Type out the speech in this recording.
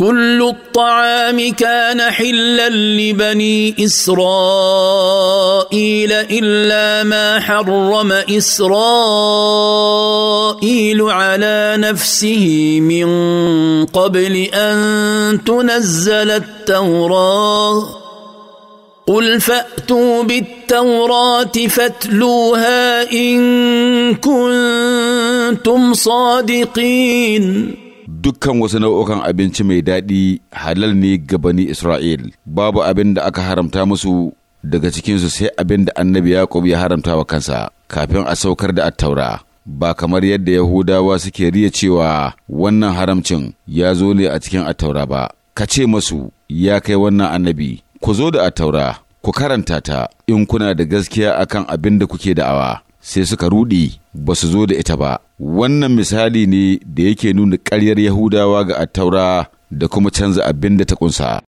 كل الطعام كان حلا لبني اسرائيل الا ما حرم اسرائيل على نفسه من قبل ان تنزل التوراه قل فاتوا بالتوراه فاتلوها ان كنتم صادقين dukkan wasu nau'ukan abinci mai daɗi halal ne ga bani Isra'il, babu abin da aka haramta musu daga cikinsu sai abin da annabi Yaƙub ya haramta wa kansa kafin a saukar da attaura. Ba kamar yadda Yahudawa suke riya cewa wannan haramcin ya zo ne a cikin attaura ba, ka ce masu ya kai wannan annabi, ku zo da attaura, ku karanta ta in kuna da gaskiya akan abin da kuke da'awa. sai suka ruɗe ba su zo da ita ba wannan misali ne da yake nuna ƙaryar yahudawa ga attaura da kuma canza abin da ta ƙunsa